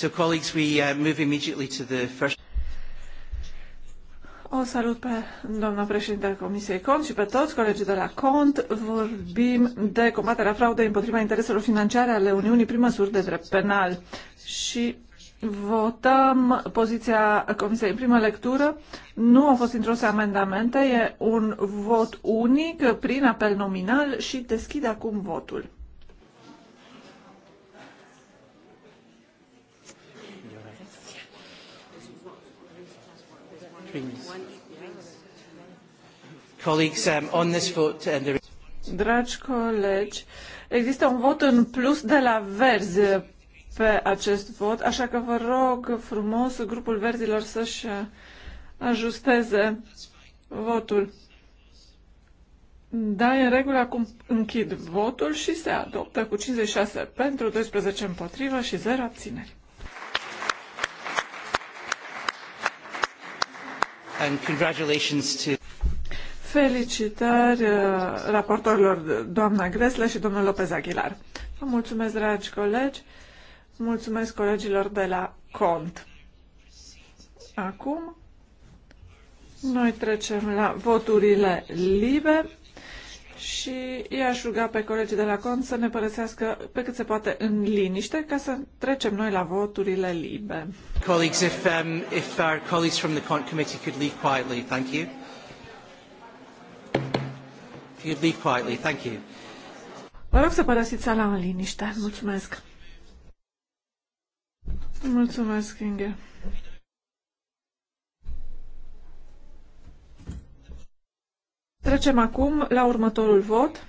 So colleagues, we uh, move immediately to the first... O salut pe doamna președinte a Comisiei Cont și pe toți colegii de la Cont. Vorbim de combaterea fraudei împotriva intereselor financiare ale Uniunii prin măsuri de drept penal. Și votăm poziția Comisiei în primă lectură. Nu au fost introduse amendamente. E un vot unic prin apel nominal și deschid acum votul. Um, uh, Dragi colegi, există un vot în plus de la verzi pe acest vot, așa că vă rog frumos grupul verzilor să-și uh, ajusteze votul. Da, e în regulă, acum închid votul și se adoptă cu 56 pentru, 12 împotrivă și 0 abțineri. and congratulations to Felicitări uh, raportorilor doamna Gresle și domnul Lopez Aguilar. Vă mulțumesc, dragi colegi. Mulțumesc colegilor de la CONT. Acum, noi trecem la voturile libere și i-aș ruga pe colegii de la cont să ne părăsească pe cât se poate în liniște ca să trecem noi la voturile libe. Colleagues, if, um, if our colleagues from the Cont Committee could leave quietly, thank you. If you'd leave quietly, thank you. Vă rog să părăsiți sala în liniște. Mulțumesc. Mulțumesc, Inge. Trecem acum la următorul vot.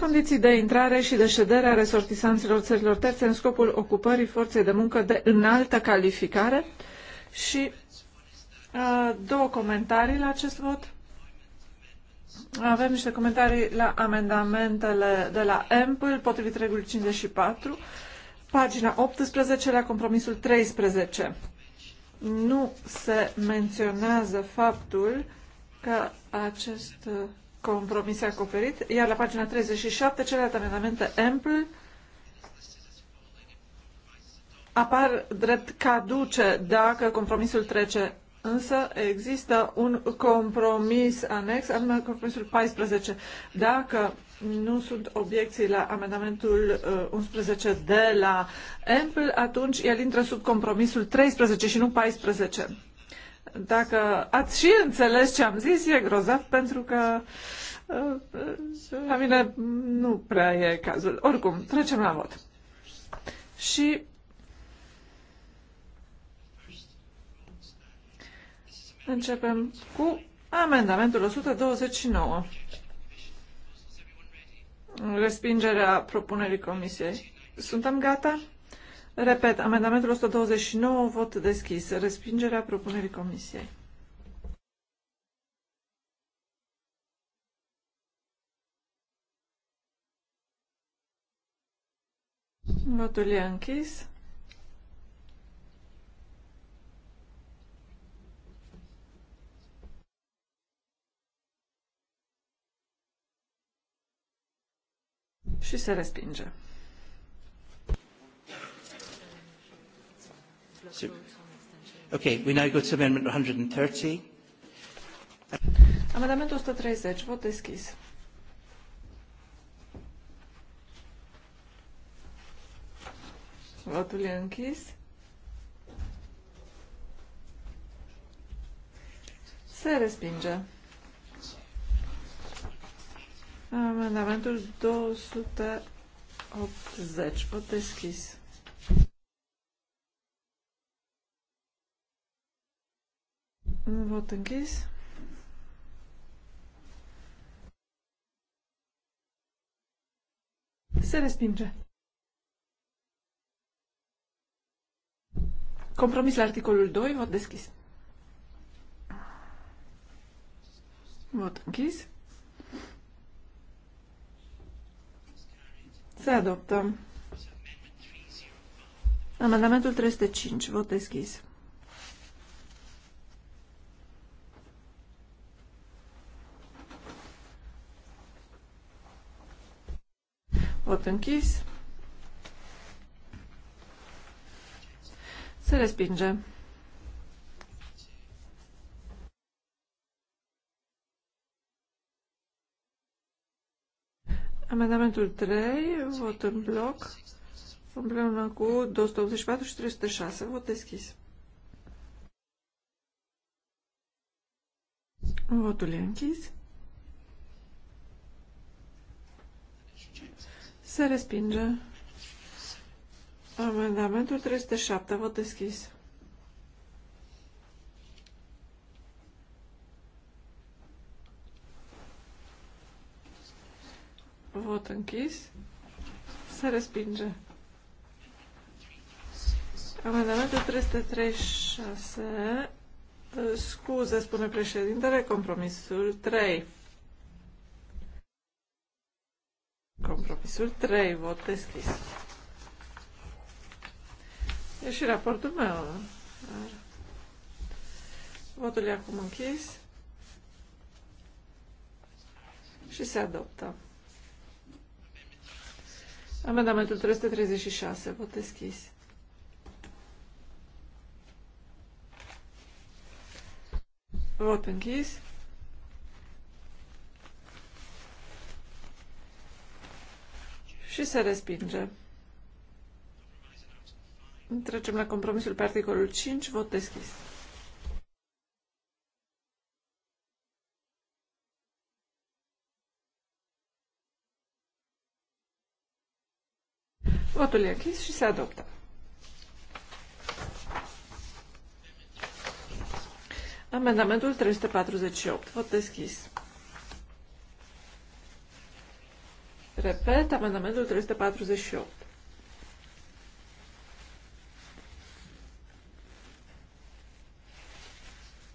Condiții de intrare și de ședere a resortisanților țărilor terțe în scopul ocupării forței de muncă de înaltă calificare și două comentarii la acest vot. Avem niște comentarii la amendamentele de la EMPL, potrivit regulii 54, pagina 18 la compromisul 13 nu se menționează faptul că acest uh, compromis acoperit, iar la pagina 37, celelalte amendamente ample apar drept caduce dacă compromisul trece Însă există un compromis anex, anume compromisul 14. Dacă nu sunt obiecții la amendamentul 11 uh, de la EMPL, atunci el intră sub compromisul 13 și nu 14. Dacă ați și înțeles ce am zis, e grozav pentru că uh, la mine nu prea e cazul. Oricum, trecem la vot. Și Începem cu amendamentul 129. Respingerea propunerii comisiei. Suntem gata? Repet, amendamentul 129, vot deschis. Respingerea propunerii comisiei. Votul e închis. Și se respinge. So, okay, we now go to amendment 130. Amendamentul 130, vot deschis. Votul e închis. Se respinge. Amendamentul 280. Vot deschis. vot închis. Se respinge. Compromis la articolul 2, vot deschis. Vot închis. Se adoptă. Amendamentul 305. Vot deschis. Vot închis. Se respinge. Amendamentul 3, vot în bloc, împreună cu 284 și 306, vot deschis. Votul e închis. Se respinge. Amendamentul 307, vot deschis. tot închis. Se respinge. Amendamentul 336. Scuze, spune președintele, compromisul 3. Compromisul 3, vot deschis. E și raportul meu. Votul e acum închis și se adoptă. Amendamentul 336. Vot deschis. Vot închis. Și se respinge. Trecem la compromisul pe articolul 5. Vot deschis. Votul e închis și se adoptă. Amendamentul 348. Vot deschis. Repet, amendamentul 348.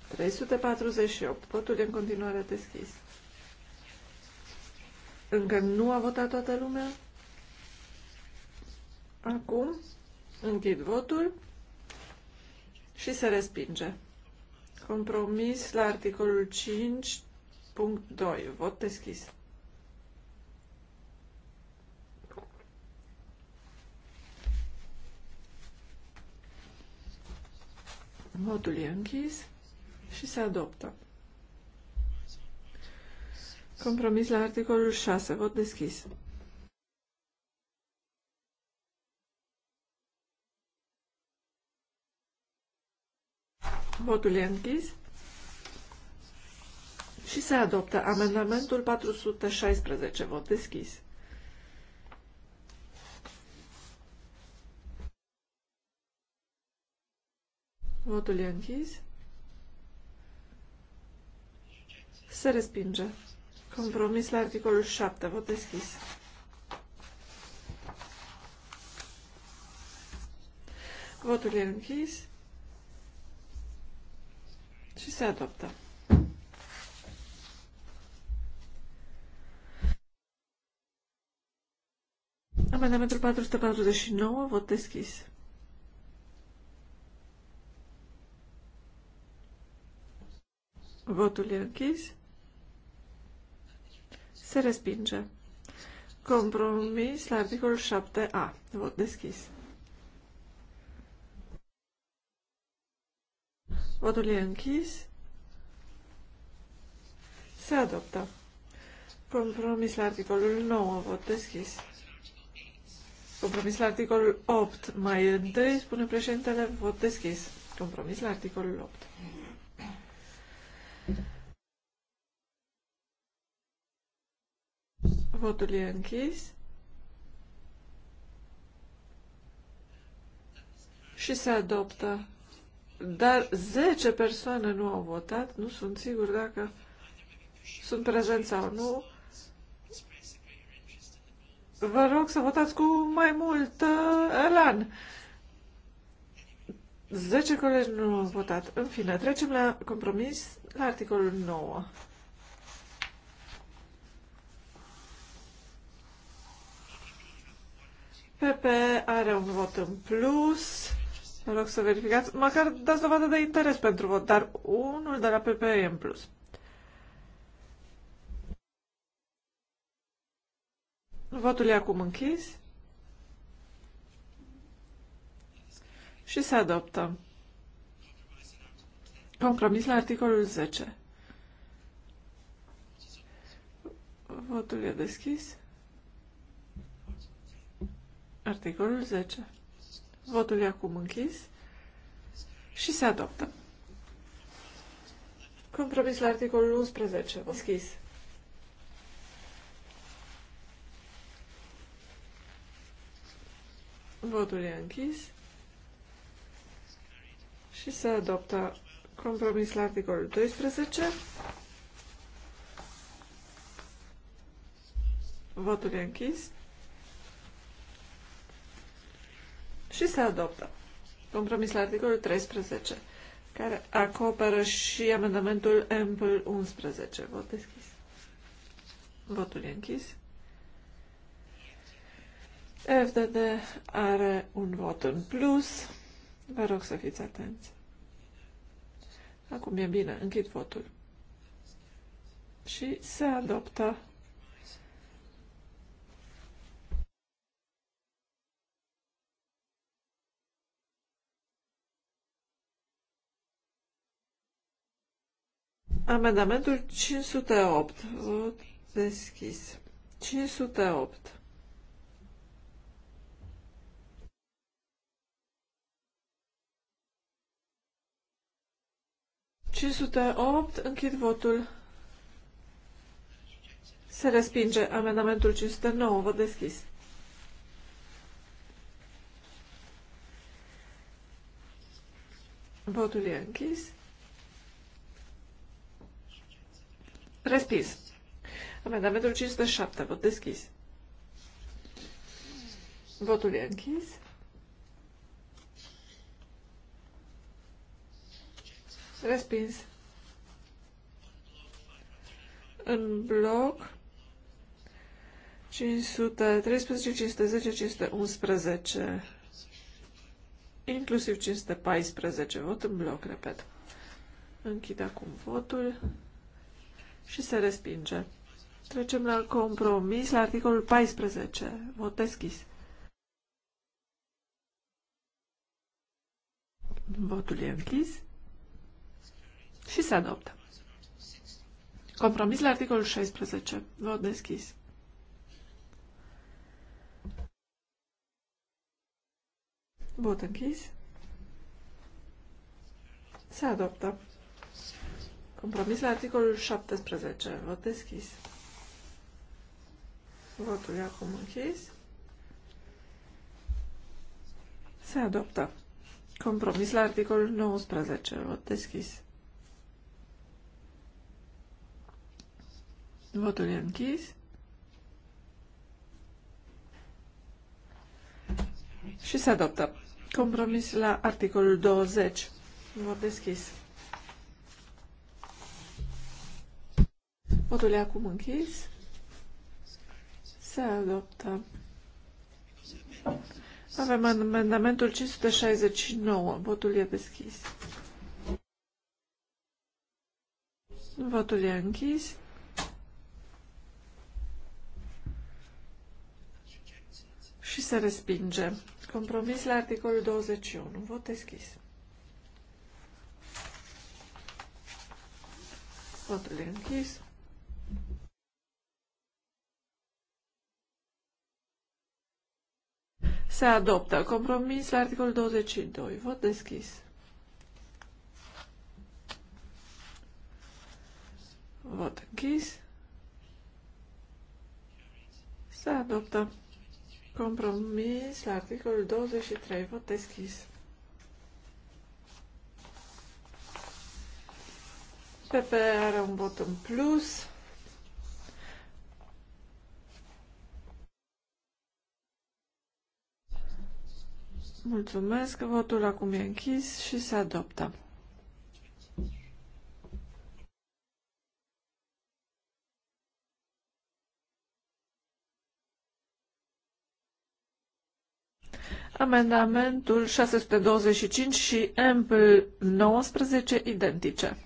Treizeci Votul e în continuare deschis. Încă nu a votat toată lumea? Acum închid votul și se respinge. Compromis la articolul 5.2. punct Vot deschis. Votul e închis și se adoptă. Compromis la articolul 6. Vot deschis. Votul e închis. Și se adoptă amendamentul 416. Vot deschis. Votul e închis. Se respinge. Compromis la articolul 7. Vot deschis. Votul e închis și se adoptă. Amendamentul 449, vot deschis. Votul e închis. Se respinge. Compromis la articolul 7a. Vot deschis. Votul e închis. Se adoptă. Compromis la articolul 9, vot deschis. Compromis la articolul 8. Mai întâi, spune președintele, vot deschis. Compromis la articolul 8. Votul e închis. Și se adoptă dar 10 persoane nu au votat, nu sunt sigur dacă sunt prezenți sau nu. Vă rog să votați cu mai mult uh, elan. 10 colegi nu au votat. În fine, trecem la compromis la articolul 9. PP are un vot în plus. Vă rog să verificați. Măcar dați dovadă de interes pentru vot, dar unul de la PPE în plus. Votul e acum închis. Și se adoptă. Compromis la articolul 10. Votul e deschis. Articolul 10. Votul e acum închis și se adoptă. Compromis la articolul 11. Deschis. Votul e închis și se adoptă compromis la articolul 12. Votul e închis și se adoptă. Compromis la articolul 13, care acoperă și amendamentul Ample 11. Vot deschis. Votul e închis. FDD are un vot în plus. Vă rog să fiți atenți. Acum e bine, închid votul. Și se adoptă Amendamentul 508. Vot deschis. 508. închid votul. Se respinge amendamentul 509. Vot deschis. Votul e închis. Respins. Amendamentul 507. Vot deschis. Votul e închis. Respins. În bloc 513, 510, 511, inclusiv 514. Vot în bloc, repet. Închid acum votul și se respinge. Trecem la compromis, la articolul 14. Vot deschis. Votul e închis și se adoptă. Compromis la articolul 16. Vot deschis. Vot închis. Se adoptă. Compromis la articolul 17. Vot deschis. Votul e acum închis. Se adoptă. Compromis la articolul 19. Vot deschis. Votul e închis. Și se adoptă. Compromis la articolul 20. Vot deschis. Votul e acum închis. Se adoptă. Avem amendamentul 569. Votul e deschis. Votul e închis. Și se respinge. Compromis la articolul 21. Vot deschis. Votul e închis. Se adoptă. Compromis la articolul 22. Vot deschis. Vot închis. Se adoptă. Compromis la articolul 23. Vot deschis. PP are un vot în plus. Mulțumesc. Votul acum e închis și se adoptă. Amendamentul 625 și ampl 19 identice.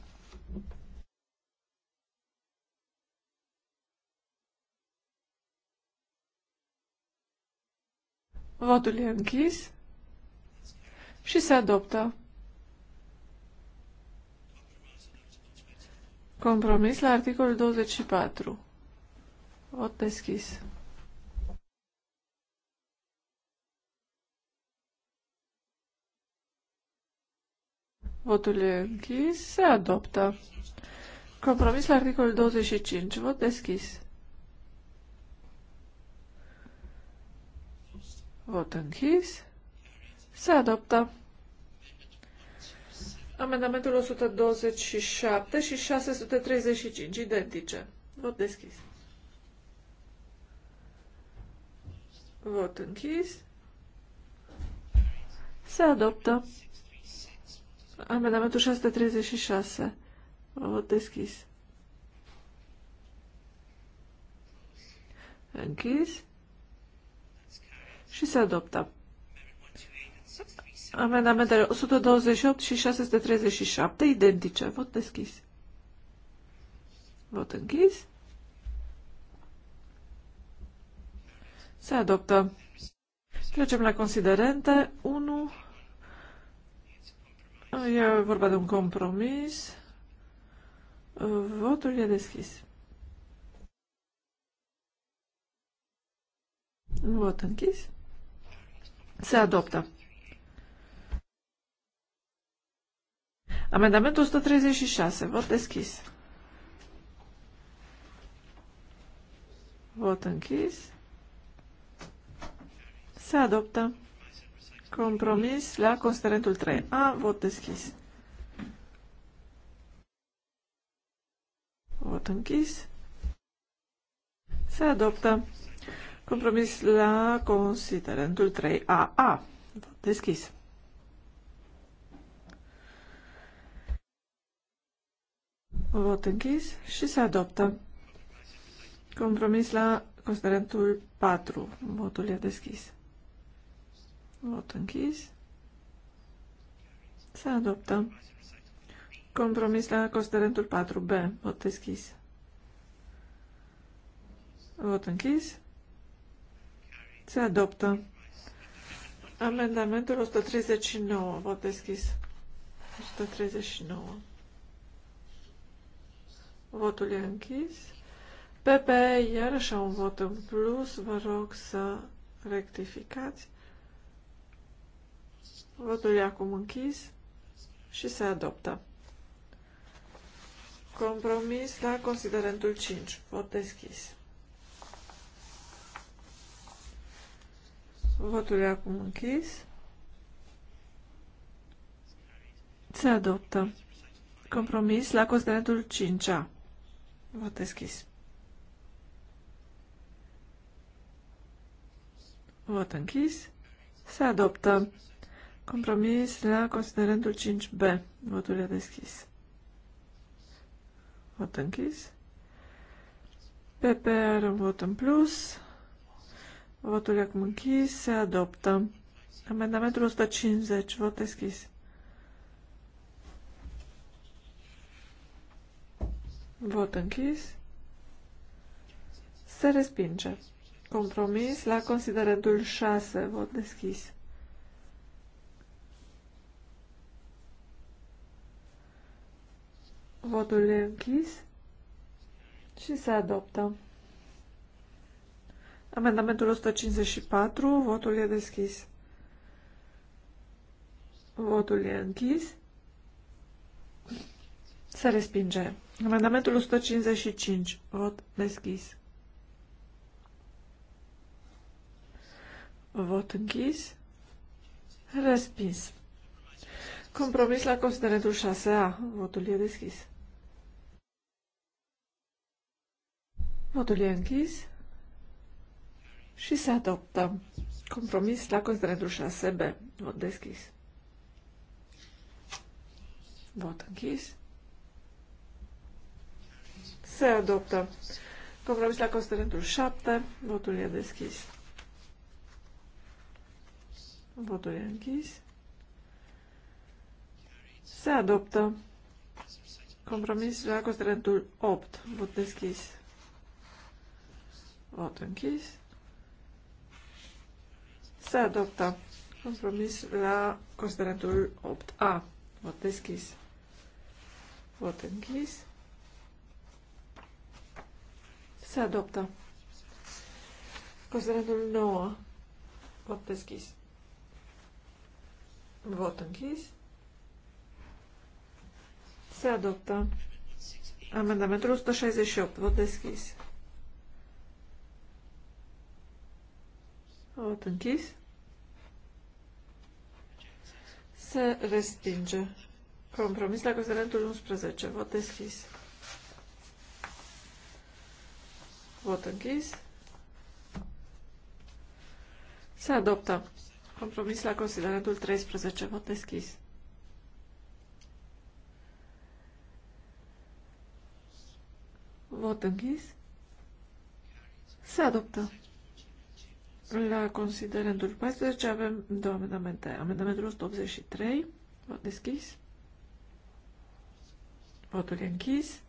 Votul e închis și se adoptă. Compromis la articolul 24. Vot deschis. Votul e închis. Se adoptă. Compromis la articolul 25. Vot deschis. Vot închis. Se adoptă. Amendamentul 127 și 635, identice. Vot deschis. Vot închis. Se adoptă. Amendamentul 636. Vot deschis. Închis. Și se adoptă. Amendamentele 128 și 637, identice. Vot deschis. Vot închis. Se adoptă. Trecem la considerente. 1. E vorba de un compromis. Votul e deschis. Vot închis. Se adoptă. Amendamentul 136. Vot deschis. Vot închis. Se adoptă. Compromis la considerentul 3A. Vot deschis. Vot închis. Se adoptă. Compromis la considerentul 3AA. Vot deschis. Vot închis și se adoptă. Compromis la considerentul 4. Votul e deschis. Vot închis. Se adoptă. Compromis la considerentul 4B. Vot deschis. Vot închis. Se adoptă. Amendamentul 139. Vot deschis. 139. Votul e închis. PP, iarăși un vot în plus. Vă rog să rectificați. Votul e acum închis și se adoptă. Compromis la considerentul 5. Vot deschis. Votul e acum închis. Se adoptă. Compromis la considerentul 5-a. Vot deschis. Vot închis. Se adoptă compromis la considerentul 5B. Votul e deschis. Vot închis. PP are un vot în plus. Votul e acum închis. Se adoptă. Amendamentul 150. Vot deschis. Vot închis. Se respinge. Compromis la considerentul 6. Vot deschis. Votul e închis și se adoptă. Amendamentul 154, votul e deschis. Votul e închis se respinge. Amendamentul 155. Vot deschis. Vot închis. Respins. Compromis la considerentul 6A. Votul e deschis. Votul e închis și se adoptă. Compromis la considerentul 6B. Vot deschis. Vot închis. Se adoptă. Compromis la considerentul 7. Votul e deschis. Votul e închis. Se adoptă. Compromis la considerentul 8. Vot deschis. Vot închis. Se adoptă. Compromis la considerentul 8A. Vot deschis. Vot închis. Se adoptă. Considerentul 9. Vot deschis. Vot închis. Se adoptă. Amendamentul 168. Vot deschis. Vot închis. Se respinge. Compromis la considerentul 11. Vot deschis. Vot închis. Se adoptă. Compromis la considerentul 13. Vot deschis. Vot închis. Se adoptă. La considerentul 14 avem două amendamente. Amendamentul 183. Vot deschis. Votul închis.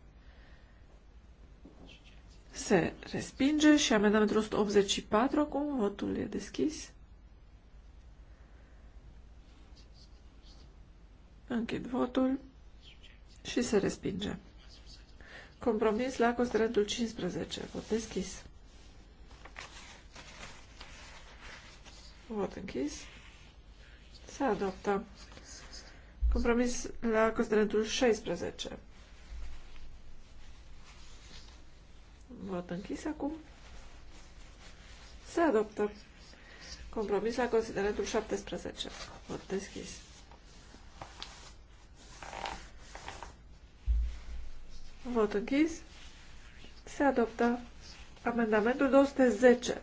Se respinge și amendamentul 184, acum votul e deschis. Închid votul și se respinge. Compromis la considerentul 15. Vot deschis. Vot închis. Se adoptă. Compromis la considerentul 16. Vot închis acum. Se adoptă. Compromis la considerentul 17. Vot deschis. Vot închis. Se adoptă amendamentul 210.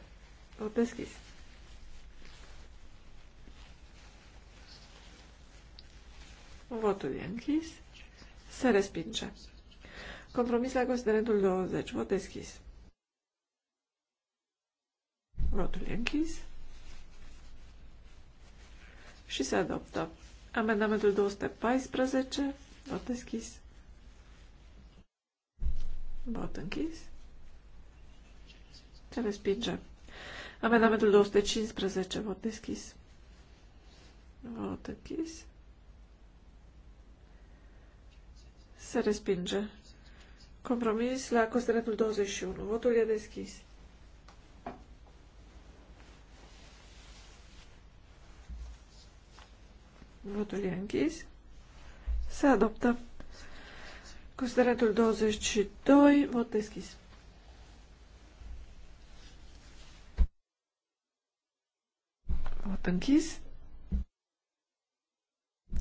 Vot deschis. Votul e închis. Se respinge. Compromis la considerentul 20. Vot deschis. Votul e închis. Și se adoptă. Amendamentul 214. Vot deschis. Vot închis. Se respinge. Amendamentul 215. Vot deschis. Vot închis. Se respinge. Compromis la costeretul 21. Votul e deschis. Votul e închis. Se adoptă. Costeretul 22, vot deschis. Vot închis.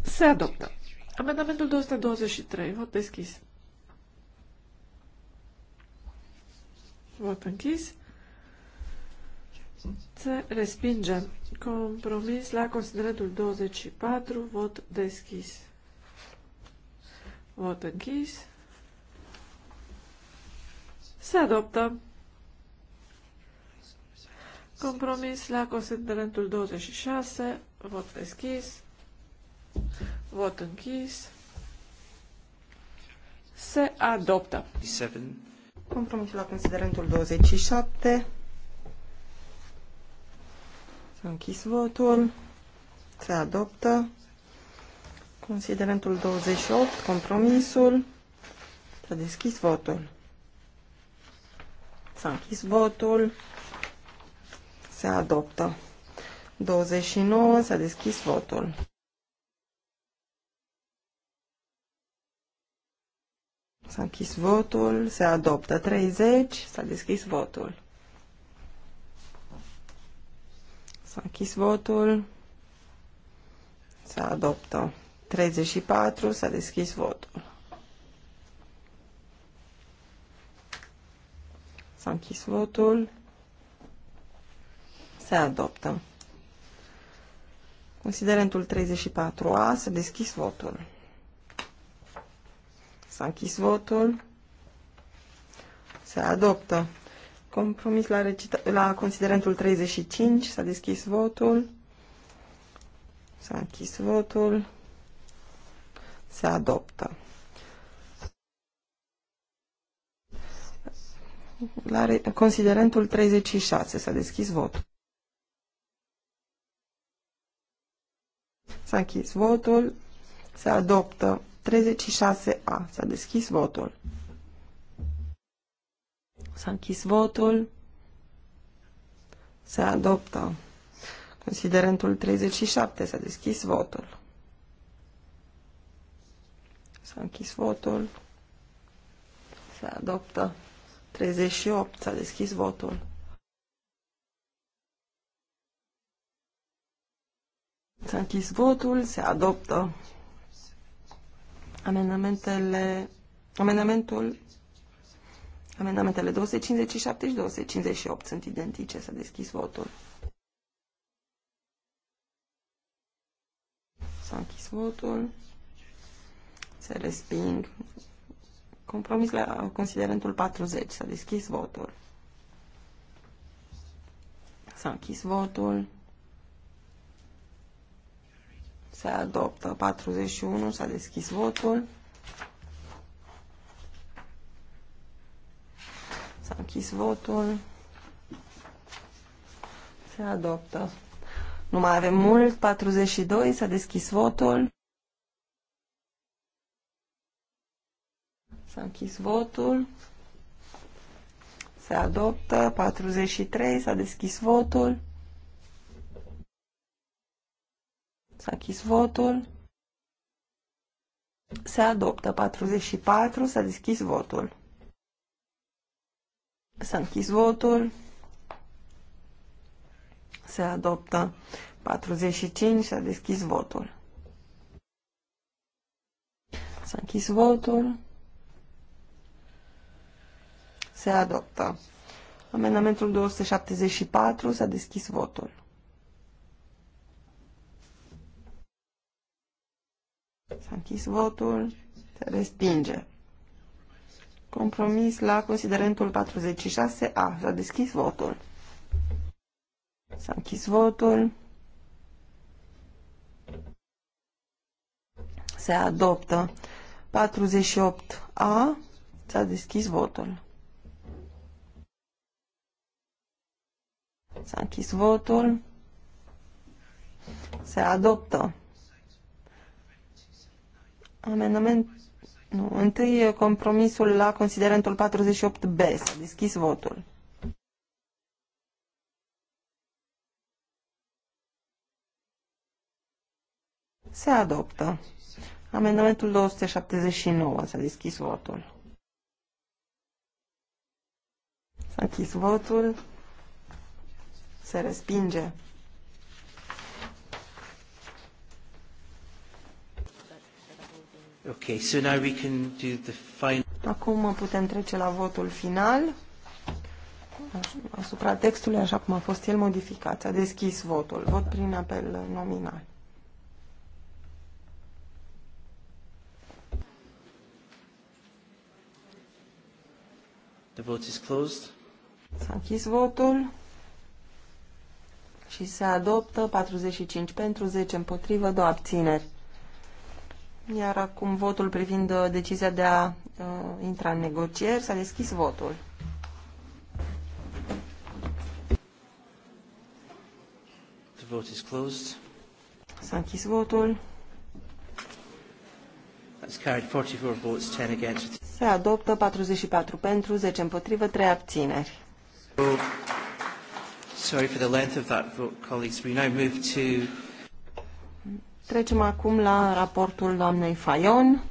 Se adoptă. Amendamentul 223, vot deschis. Vot închis. Se respinge. Compromis la considerentul 24, vot deschis. Vot închis. Se adoptă. Compromis la considerentul 26, vot deschis. Vot închis. Se adoptă. 7. Compromisul la considerentul 27. S-a închis votul. Se adoptă. Considerentul 28, compromisul. S-a deschis votul. S-a închis votul. Se adoptă. 29, s-a deschis votul. S-a închis votul, se adoptă 30, s-a deschis votul. S-a închis votul, se adoptă 34, s-a deschis votul. S-a închis votul, se adoptă. Considerentul 34A, s-a deschis votul. S-a închis votul. Se adoptă. Compromis la, la considerentul 35. S-a deschis votul. S-a închis votul. Se adoptă. La considerentul 36. S-a deschis votul. S-a închis votul. Se adoptă 36A. S-a deschis votul. S-a închis votul. Se adoptă. Considerentul 37. S-a deschis votul. S-a închis votul. Se adoptă. 38. S-a deschis votul. S-a închis votul. Se adoptă. Amendamentele, amendamentul, amendamentele 257 și 258 sunt identice. S-a deschis votul. S-a închis votul. Se resping. Compromis la considerentul 40. S-a deschis votul. S-a închis votul se adoptă. 41 s-a deschis votul. S-a închis votul. Se adoptă. Nu mai avem mult. 42 s-a deschis votul. S-a închis votul. Se adoptă. 43 s-a deschis votul. S-a închis votul. Se adoptă 44. S-a deschis votul. S-a închis votul. Se adoptă 45. S-a deschis votul. S-a închis votul. Se adoptă. Amendamentul 274 s-a deschis votul. S-a închis votul. Se respinge. Compromis la considerentul 46A. S-a deschis votul. S-a închis votul. Se adoptă. 48A. S-a deschis votul. S-a închis votul. Se adoptă. Amendament, nu, întâi compromisul la considerentul 48B. S-a deschis votul. Se adoptă. Amendamentul 279. S-a deschis votul. S-a închis votul. Se respinge. Okay, so now we can do the final... Acum putem trece la votul final asupra textului așa cum a fost el modificat. a deschis votul. Vot prin apel nominal. The vote is closed. S-a închis votul și se adoptă 45 pentru, 10 împotrivă, două abțineri. Iar acum votul privind uh, decizia de a uh, intra în negocieri. S-a deschis votul. The vote is closed. S-a închis votul. That's carried 44 votes, 10 against. Se adoptă 44 pentru, 10 împotrivă, 3 abțineri. So, sorry for the length of that vote, colleagues. We now move to Trecem acum la raportul doamnei Fayon.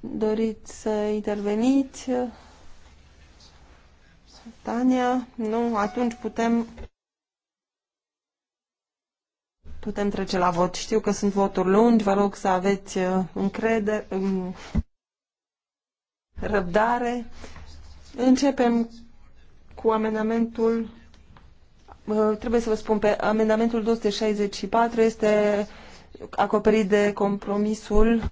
Doriți să interveniți? Tania? Nu? Atunci putem... Putem trece la vot. Știu că sunt voturi lungi, vă rog să aveți uh, încredere, în... Um, răbdare. Începem cu amendamentul Uh, trebuie să vă spun, pe amendamentul 264 este acoperit de compromisul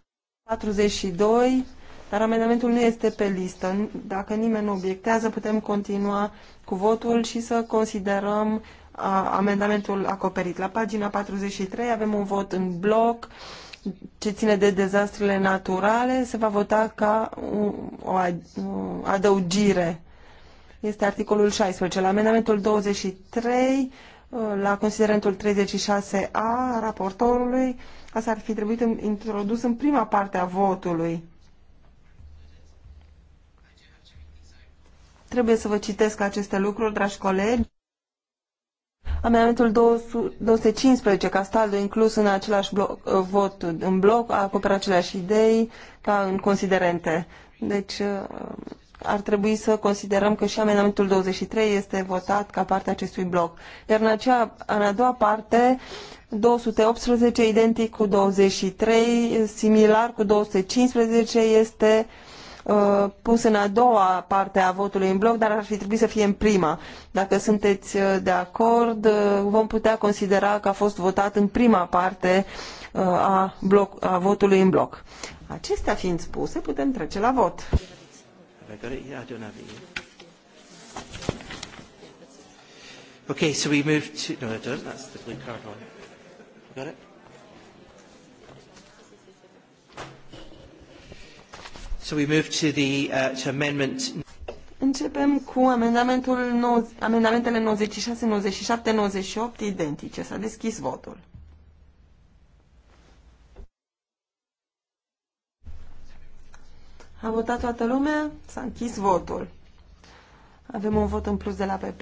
42, dar amendamentul nu este pe listă. Dacă nimeni nu obiectează, putem continua cu votul și să considerăm uh, amendamentul acoperit. La pagina 43 avem un vot în bloc ce ține de dezastrele naturale. Se va vota ca o adăugire este articolul 16. La amendamentul 23, uh, la considerentul 36A raportorului, asta ar fi trebuit introdus în prima parte a votului. Trebuie să vă citesc aceste lucruri, dragi colegi. Amendamentul 215, Castaldo inclus în același bloc, uh, vot în bloc, acoperă aceleași idei ca în considerente. Deci uh, ar trebui să considerăm că și amendamentul 23 este votat ca parte a acestui bloc. Iar în, acea, în a doua parte, 218 identic cu 23, similar cu 215 este uh, pus în a doua parte a votului în bloc, dar ar fi trebuit să fie în prima. Dacă sunteți uh, de acord, uh, vom putea considera că a fost votat în prima parte uh, a, bloc, a votului în bloc. Acestea fiind spuse, putem trece la vot. I got it? Yeah, I don't have it yet. Okay, so we move to... No, I don't. That's the blue card one. Got it? So we move to the uh, to amendment... Începem cu amendamentul, amendamentul 96, 97, 98 identice. S-a deschis votul. A votat toată lumea? S-a închis votul. Avem un vot în plus de la PP.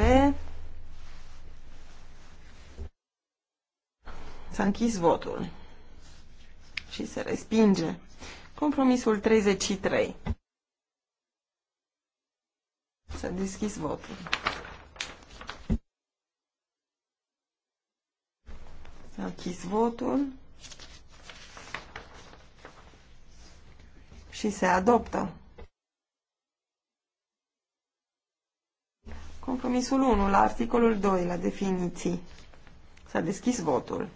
S-a închis votul. Și se respinge. Compromisul 33. S-a deschis votul. S-a închis votul. și se adoptă. Compromisul 1 la articolul 2, la definiții. S-a deschis votul.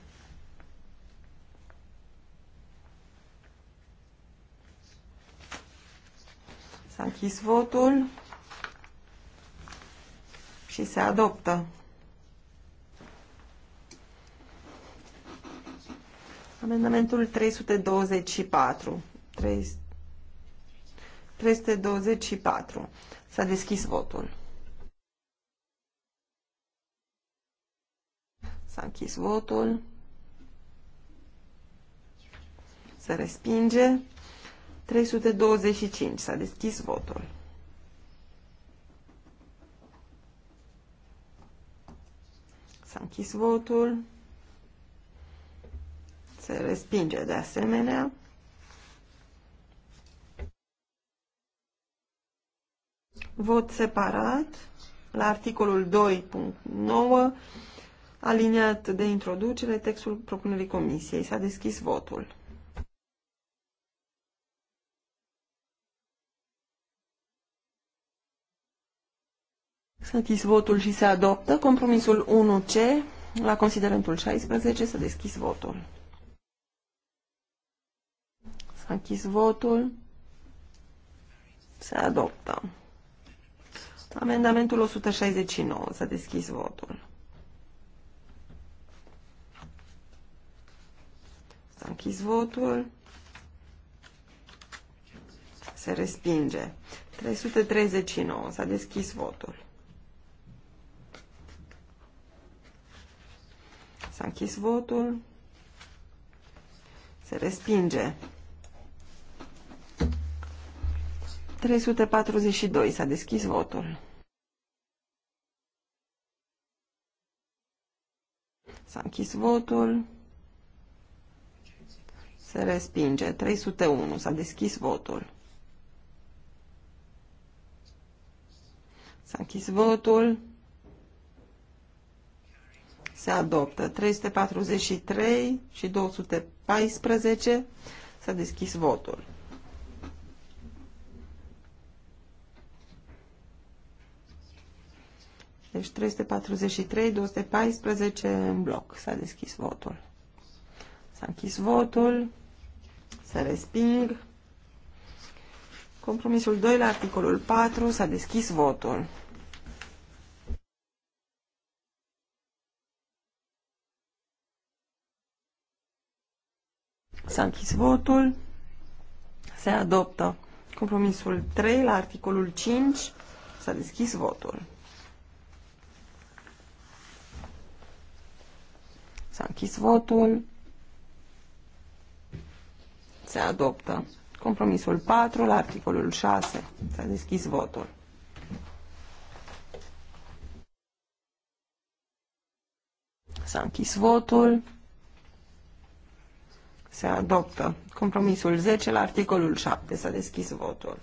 S-a închis votul și se adoptă. Amendamentul 324. 3... 324. S-a deschis votul. S-a închis votul. Se respinge. 325. S-a deschis votul. S-a închis votul. Se respinge de asemenea. Vot separat la articolul 2.9, aliniat de introducere, textul propunerii comisiei. S-a deschis votul. S-a deschis votul și se adoptă compromisul 1C la considerentul 16. S-a deschis votul. S-a închis votul. Se adoptă. Amendamentul 169. S-a deschis votul. S-a închis votul. Se respinge. 339. S-a deschis votul. S-a închis votul. Se respinge. 342. S-a deschis votul. S-a închis votul. Se respinge. 301. S-a deschis votul. S-a închis votul. Se adoptă. 343 și 214. S-a deschis votul. Deci 343, 214 în bloc. S-a deschis votul. S-a închis votul. se resping. Compromisul 2 la articolul 4. S-a deschis votul. S-a închis votul. Se adoptă compromisul 3 la articolul 5. S-a deschis votul. S-a închis votul. Se adoptă. Compromisul 4 la articolul 6. S-a deschis votul. S-a închis votul. Se adoptă. Compromisul 10 la articolul 7. S-a deschis votul.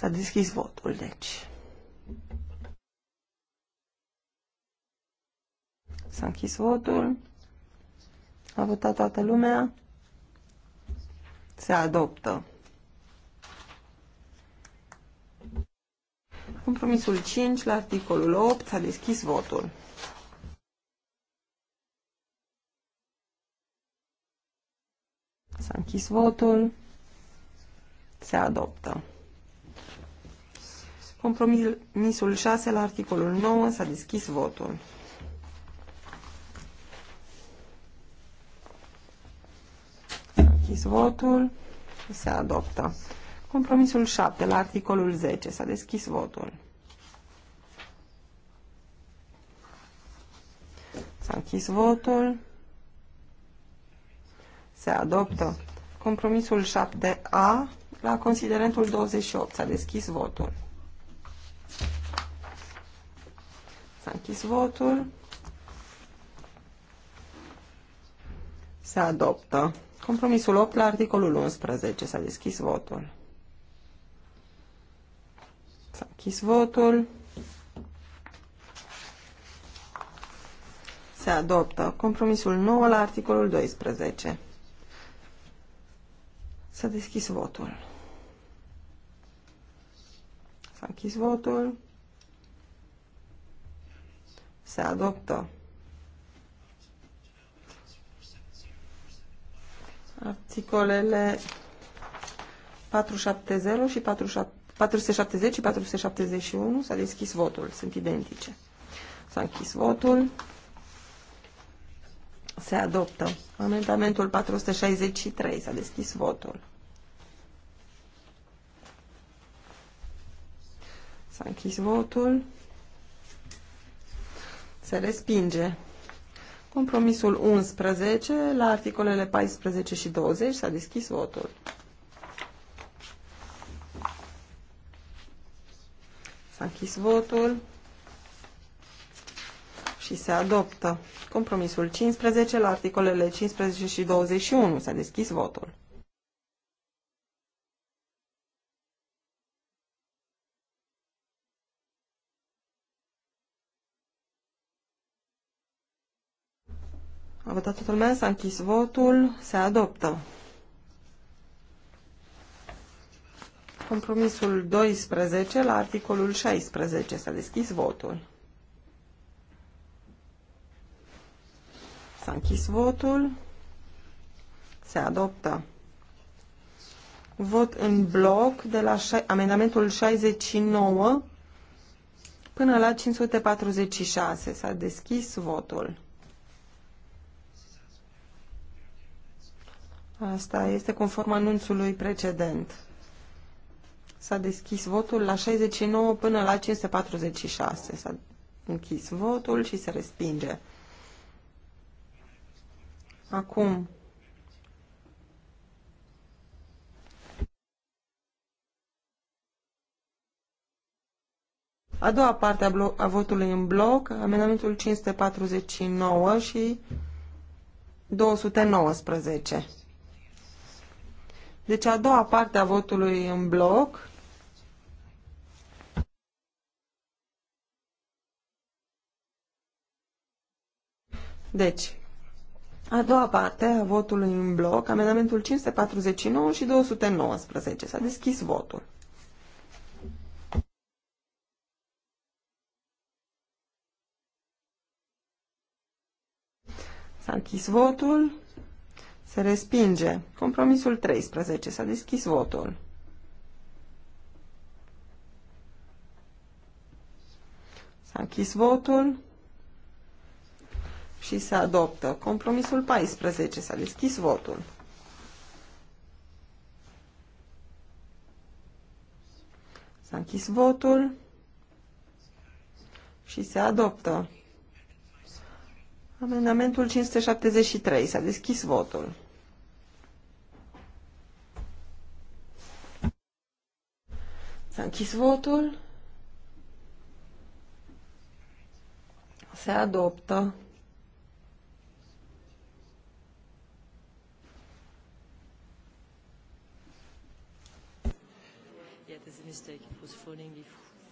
S-a deschis votul, deci. S-a închis votul. A votat toată lumea. Se adoptă. Compromisul 5 la articolul 8 s-a deschis votul. S-a închis votul. Se adoptă. Compromisul 6 la articolul 9 s-a deschis votul. S-a deschis votul. Se adoptă. Compromisul 7 la articolul 10 s-a deschis votul. S-a închis votul. Se adoptă. Compromisul 7A la considerentul 28 s-a deschis votul. S-a închis votul. Se adoptă. Compromisul 8 la articolul 11. S-a deschis votul. S-a închis votul. Se adoptă. Compromisul 9 la articolul 12. S-a deschis votul. S-a închis votul se adoptă. Articolele 470 și 470 și 471 s-a deschis votul, sunt identice. S-a închis votul. Se adoptă. Amendamentul 463 s-a deschis votul. S-a închis votul. Se respinge. Compromisul 11, la articolele 14 și 20, s-a deschis votul. S-a închis votul și se adoptă. Compromisul 15, la articolele 15 și 21, s-a deschis votul. A votat toată lumea, s-a închis votul, se adoptă. Compromisul 12 la articolul 16 s-a deschis votul. S-a închis votul, se adoptă. Vot în bloc de la amendamentul 69 până la 546 s-a deschis votul. Asta este conform anunțului precedent. S-a deschis votul la 69 până la 546. S-a închis votul și se respinge. Acum A doua parte a, a votului în bloc, amendamentul 549 și 219. Deci a doua parte a votului în bloc. Deci, a doua parte a votului în bloc, amendamentul 549 și 219. S-a deschis votul. S-a închis votul. Se respinge. Compromisul 13. S-a deschis votul. S-a închis votul și se adoptă. Compromisul 14. S-a deschis votul. S-a închis votul și se adoptă. Amendamentul 573. S-a deschis votul. S-a închis votul. Se adoptă. Yeah, there's a mistake. It was phoning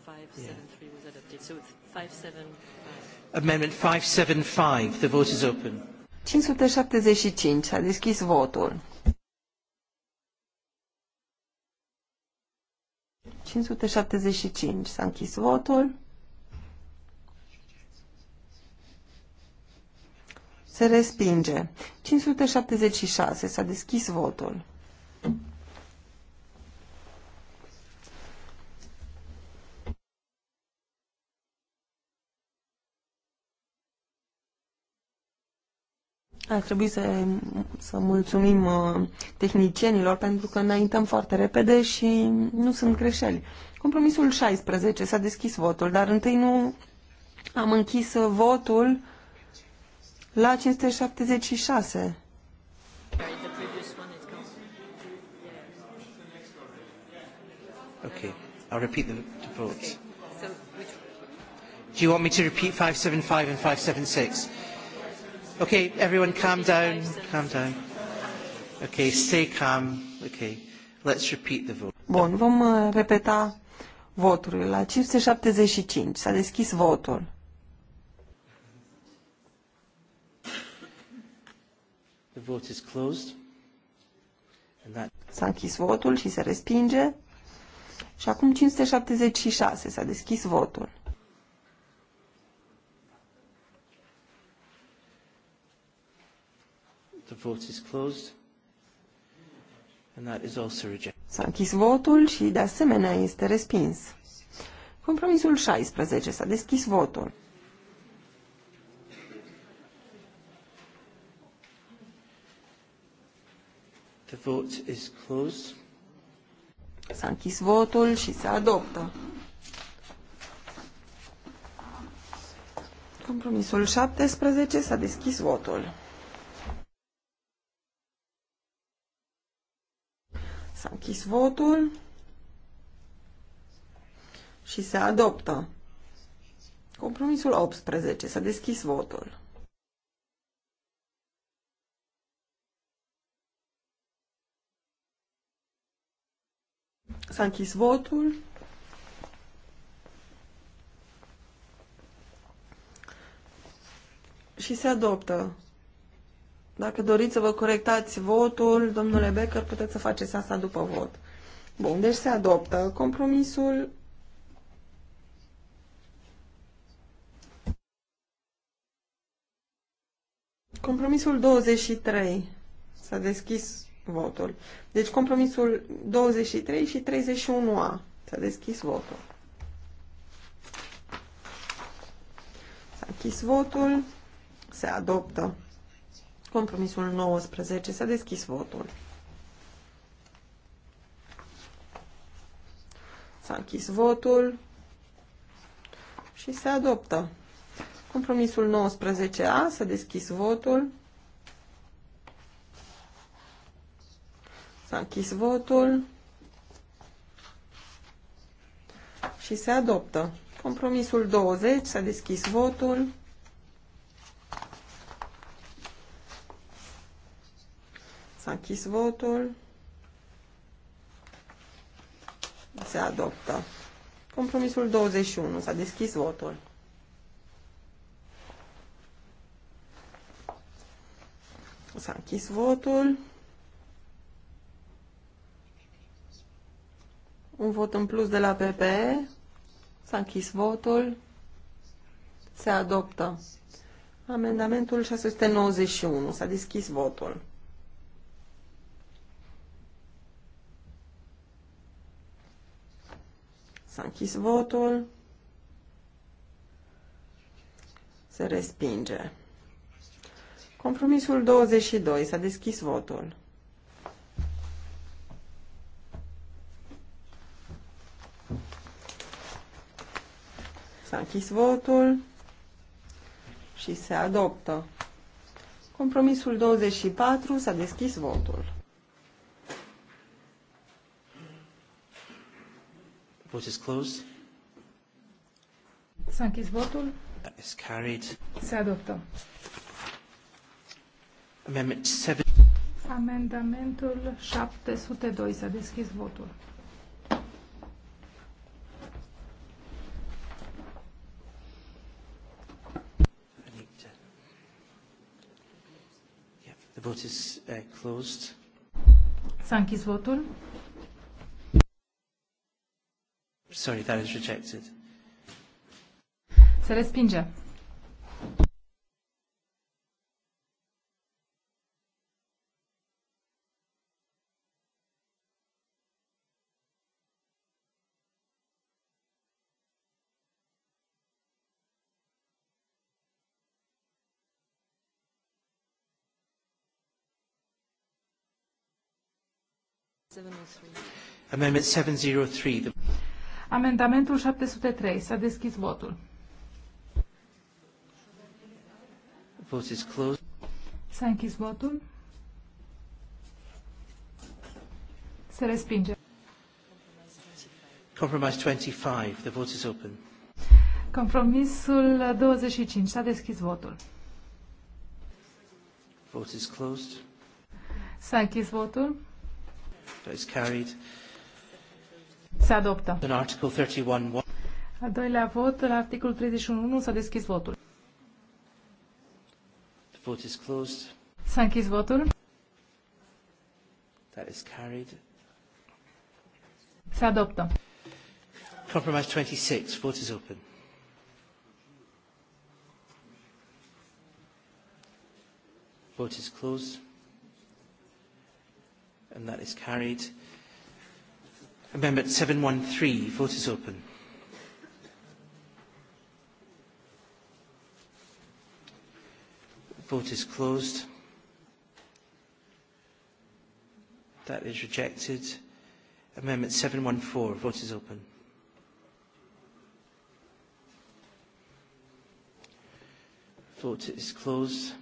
573 was adopted. So 575. Amendment 575. The vote is open. 575. S-a deschis votul. 575. S-a închis votul. Se respinge. 576. S-a deschis votul. Ar trebui să, să mulțumim uh, tehnicienilor pentru că înaintăm foarte repede și nu sunt greșeli. Compromisul 16 s-a deschis votul, dar întâi nu am închis votul la 576. Okay, I'll repeat the, the votes. Do you want me to repeat 575 and 576? Okay, everyone calm down, calm down. Okay, stay calm. Okay, let's repeat the vote. Bun, vom uh, repeta voturile. La 575 s-a deschis votul. The vote is closed. S-a închis votul și se respinge. Și acum 576 s-a deschis votul. vote is closed. And that is also rejected. S-a închis votul și de asemenea este respins. Compromisul 16. S-a deschis votul. The vote is closed. S-a închis votul și se adoptă. Compromisul 17 s-a deschis votul. S-a închis votul și se adoptă. Compromisul 18. S-a deschis votul. S-a închis votul. Și se adoptă. Dacă doriți să vă corectați votul, domnule Becker, puteți să faceți asta după vot. Bun, deci se adoptă compromisul. Compromisul 23. S-a deschis votul. Deci compromisul 23 și 31A. S-a deschis votul. S-a închis votul. Se adoptă. Compromisul 19. S-a deschis votul. S-a închis votul și se adoptă. Compromisul 19A, s-a deschis votul. S-a închis votul și se adoptă. Compromisul 20, s-a deschis votul. S-a închis votul. Se adoptă. Compromisul 21. S-a deschis votul. S-a închis votul. Un vot în plus de la PPE. S-a închis votul. Se adoptă. Amendamentul 691. S-a deschis votul. S-a închis votul. Se respinge. Compromisul 22. S-a deschis votul. S-a închis votul și se adoptă. Compromisul 24 s-a deschis votul. Vote is closed. S-a închis votul. That is carried. Se adoptă. Amendment 7. Amendamentul 702. S-a deschis votul. The vote is uh, closed. S-a închis votul. Sorry, that is rejected. Se respinge. Amendment 703. Amendamentul 703. S-a deschis votul. Vote is closed. S-a închis votul. Se respinge. Compromise 25. The vote is open. Compromisul 25. S-a deschis votul. Vote is closed. S-a închis votul. is carried. Se adoptă. În articolul 31. Al doilea vot, la articolul 31 s-a deschis votul. The vote is closed. S-a închis votul. That is carried. Se adoptă. Compromise 26. Vote is open. Vote is closed. And that is carried. Amendment 713. Vote is open. Vote is closed. That is rejected. Amendment 714. Vote is open. Vote is closed.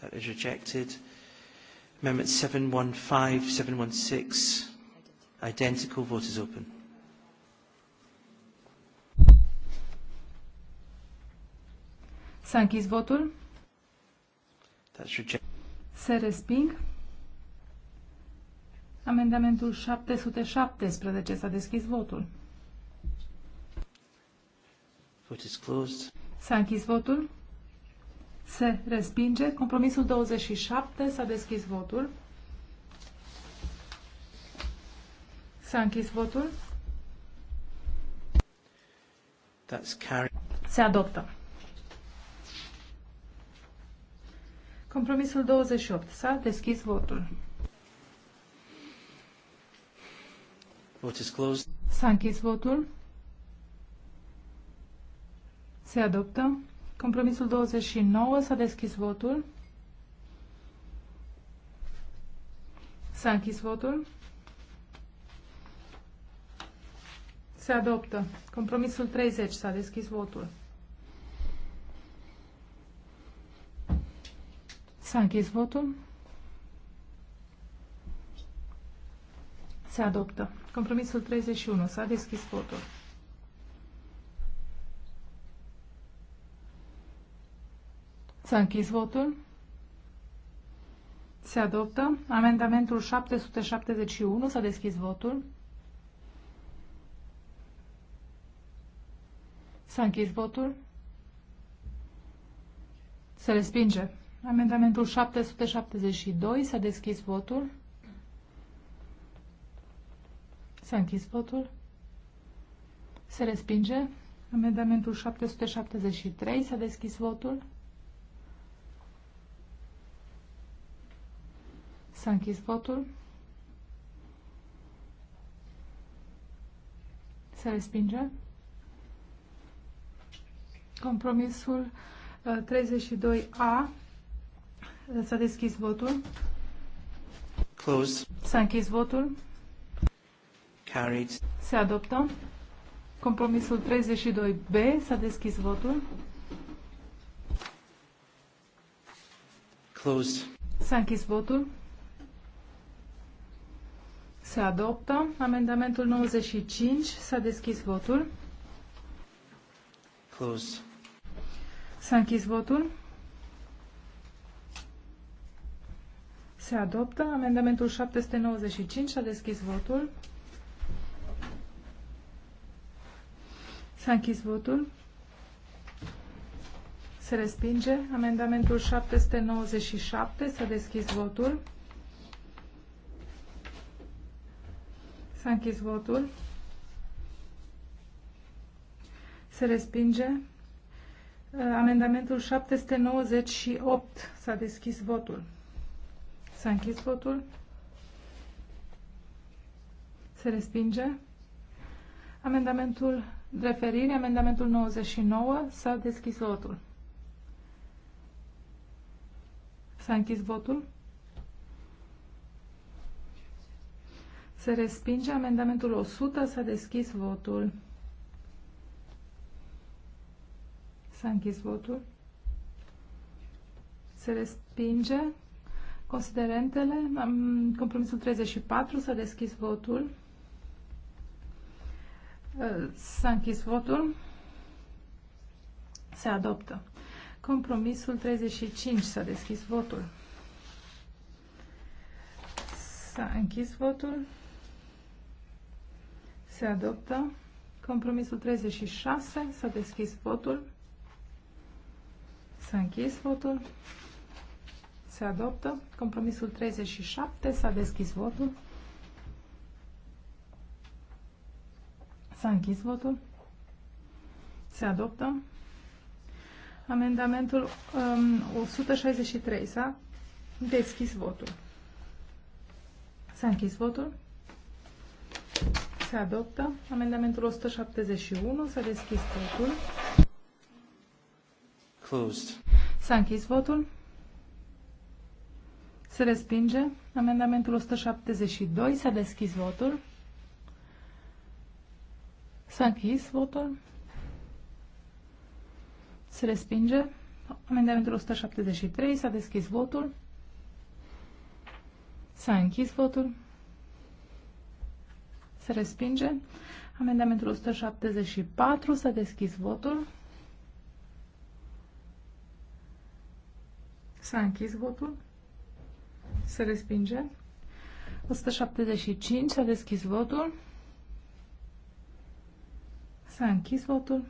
That is rejected. Amendment 715, 716. Identical vote is open. S-a închis votul. Se resping. Amendamentul 717 s-a deschis votul. Vote is closed. S-a închis votul. Se respinge. Compromisul 27 s-a deschis votul. S-a închis votul. That's carried. Se adoptă. Compromisul 28. S-a deschis votul. Vote is closed. S-a închis votul. Se adoptă. Compromisul 29. S-a deschis votul. S-a închis votul. Se adoptă. Compromisul 30. S-a deschis votul. S-a închis votul. Se adoptă. Compromisul 31. S-a deschis votul. S-a închis votul. Se adoptă. Amendamentul 771. S-a deschis votul. S-a închis votul. Se respinge. Amendamentul 772. S-a deschis votul. S-a închis votul. Se respinge. Amendamentul 773. S-a deschis votul. S-a închis votul. Se respinge. Compromisul 32A. Uh, S-a deschis votul. Close. S-a închis votul. Carried. Se adoptă. Compromisul 32B. S-a deschis votul. Closed. S-a închis votul. Se adoptă. Amendamentul 95. S-a deschis votul. Closed. S-a închis votul. Se adoptă. Amendamentul 795 s-a deschis votul. S-a închis votul. Se respinge. Amendamentul 797 s-a deschis votul. S-a închis votul. Se respinge. Amendamentul 798. S-a deschis votul. S-a închis votul. Se respinge. Amendamentul referire, amendamentul 99, s-a deschis votul. S-a închis votul. Se respinge amendamentul 100, s-a deschis votul. S-a închis votul. Se respinge. Considerentele. Compromisul 34. Uh, s-a deschis votul. S-a închis votul. Se adoptă. Compromisul 35. S-a deschis votul. S-a închis votul. Se adoptă. Compromisul 36. S-a deschis votul. S-a închis votul. Se adoptă. Compromisul 37. S-a deschis votul. S-a închis votul. Se adoptă. Amendamentul um, 163. S-a deschis votul. S-a închis votul. Se adoptă. Amendamentul 171. S-a deschis votul. Closed. S-a închis votul. Se respinge. Amendamentul 172. S-a deschis votul. S-a închis votul. Se respinge. Amendamentul 173. S-a deschis votul. S-a închis votul. Se respinge. Amendamentul 174. S-a deschis votul. S-a închis votul. Se respinge. 175. S-a deschis votul. S-a închis votul.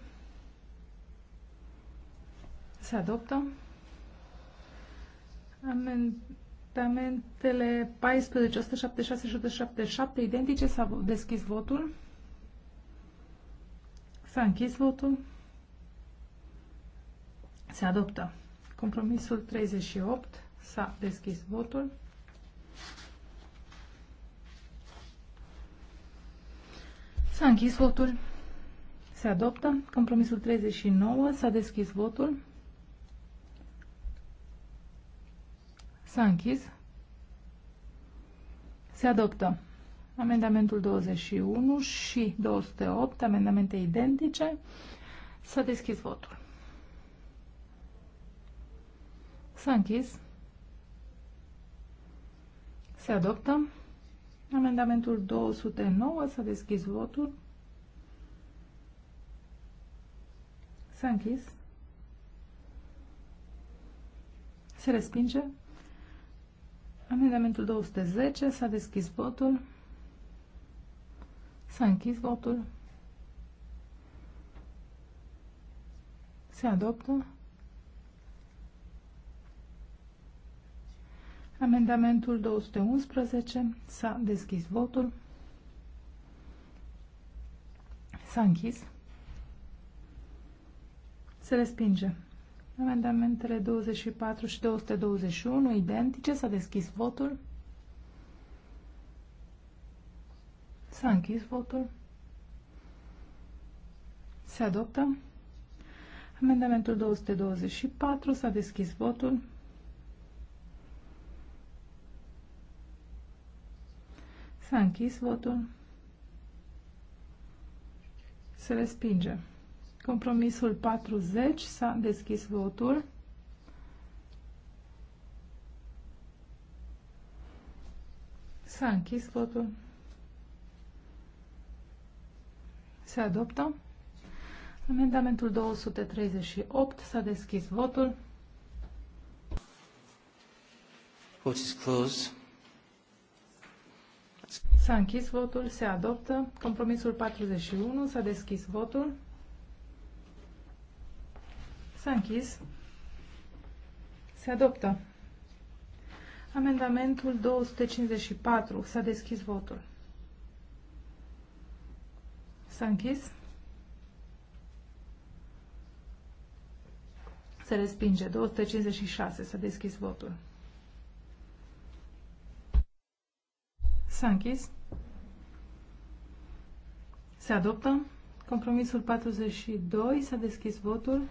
Se adoptă. Amendamentele 14, 176 și 177 identice. S-a deschis votul. S-a închis votul. Se adoptă. Compromisul 38. S-a deschis votul. S-a închis votul. Se adoptă. Compromisul 39. S-a deschis votul. S-a închis. Se adoptă amendamentul 21 și 208, amendamente identice. S-a deschis votul. S-a închis. Se adoptă. Amendamentul 209. S-a deschis votul. S-a închis. Se respinge. Amendamentul 210. S-a deschis votul. S-a închis votul. Se adoptă. Amendamentul 211 s-a deschis votul. S-a închis. Se respinge. Amendamentele 24 și 221 identice s-a deschis votul. S-a închis votul. Se adoptă. Amendamentul 224 s-a deschis votul. S-a închis votul. Se respinge. Compromisul 40 s-a deschis votul. S-a închis votul. Se adoptă. Amendamentul 238 s-a deschis votul. Vote is closed. S-a închis votul, se adoptă. Compromisul 41, s-a deschis votul. S-a închis. Se adoptă. Amendamentul 254, s-a deschis votul. S-a închis. Se respinge. 256, s-a deschis votul. S-a închis. Se adoptă. Compromisul 42. S-a deschis votul.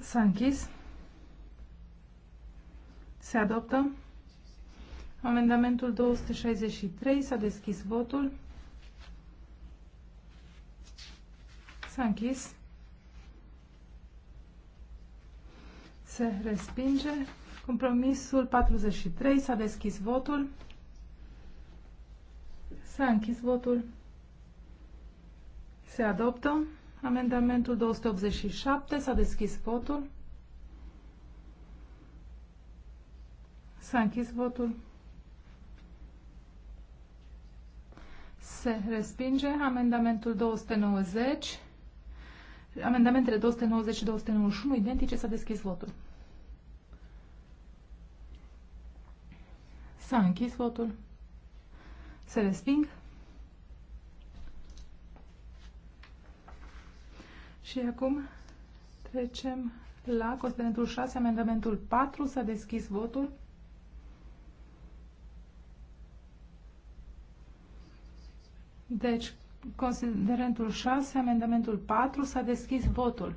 S-a închis. Se adoptă. Amendamentul 263. S-a deschis votul. S-a închis. Se respinge. Compromisul 43. S-a deschis votul. S-a închis votul. Se adoptă. Amendamentul 287. S-a deschis votul. S-a închis votul. Se respinge amendamentul 290. Amendamentele 290 și 291 identice s-a deschis votul. S-a închis votul. Se resping. Și acum trecem la considerentul 6, amendamentul 4. S-a deschis votul. Deci, considerentul 6, amendamentul 4, s-a deschis votul.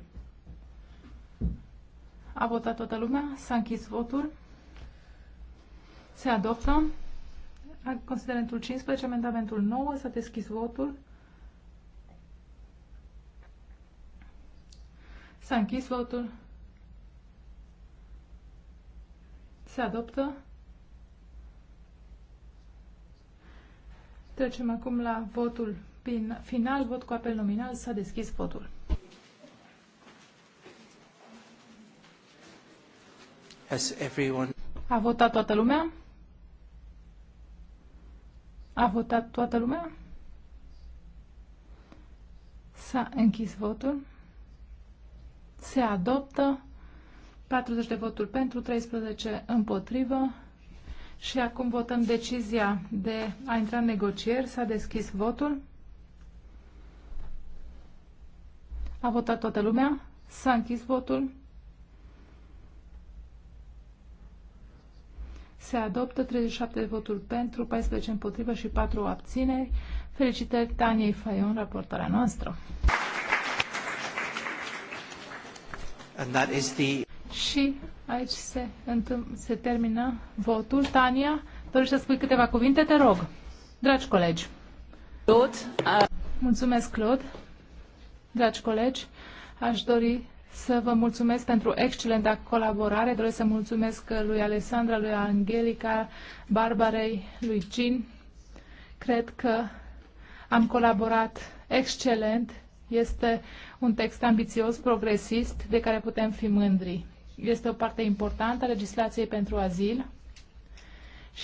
A votat toată lumea, s-a închis votul. Se adoptă. Considerentul 15, amendamentul 9, s-a deschis votul. S-a închis votul. Se adoptă. Trecem acum la votul final, vot cu apel nominal, s-a deschis votul. Has everyone... A votat toată lumea? A votat toată lumea? S-a închis votul. Se adoptă 40 de voturi pentru, 13 împotrivă. Și acum votăm decizia de a intra în negocieri. S-a deschis votul. A votat toată lumea. S-a închis votul. Se adoptă 37 de voturi pentru, 14 împotrivă și 4 abțineri. Felicitări Taniei Faion, raportarea noastră. And that is the... Și aici se, se termină votul. Tania, dorești să spui câteva cuvinte? Te rog. Dragi colegi. Claude. Mulțumesc, Claude. Dragi colegi, aș dori să vă mulțumesc pentru excelenta colaborare. Doresc să mulțumesc lui Alessandra, lui Angelica, Barbarei, lui Jean. Cred că am colaborat excelent. Este un text ambițios, progresist, de care putem fi mândri. Este o parte importantă a legislației pentru azil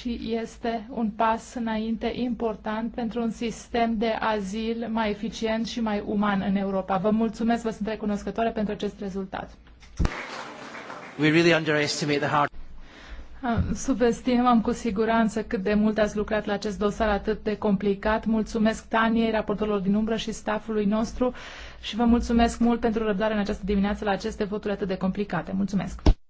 și este un pas înainte important pentru un sistem de azil mai eficient și mai uman în Europa. Vă mulțumesc, vă sunt recunoscătoare pentru acest rezultat. We really underestimate the hard... Subestimăm cu siguranță cât de mult ați lucrat la acest dosar atât de complicat. Mulțumesc Taniei, raportorilor din umbră și staffului nostru și vă mulțumesc mult pentru răbdare în această dimineață la aceste voturi atât de complicate. Mulțumesc!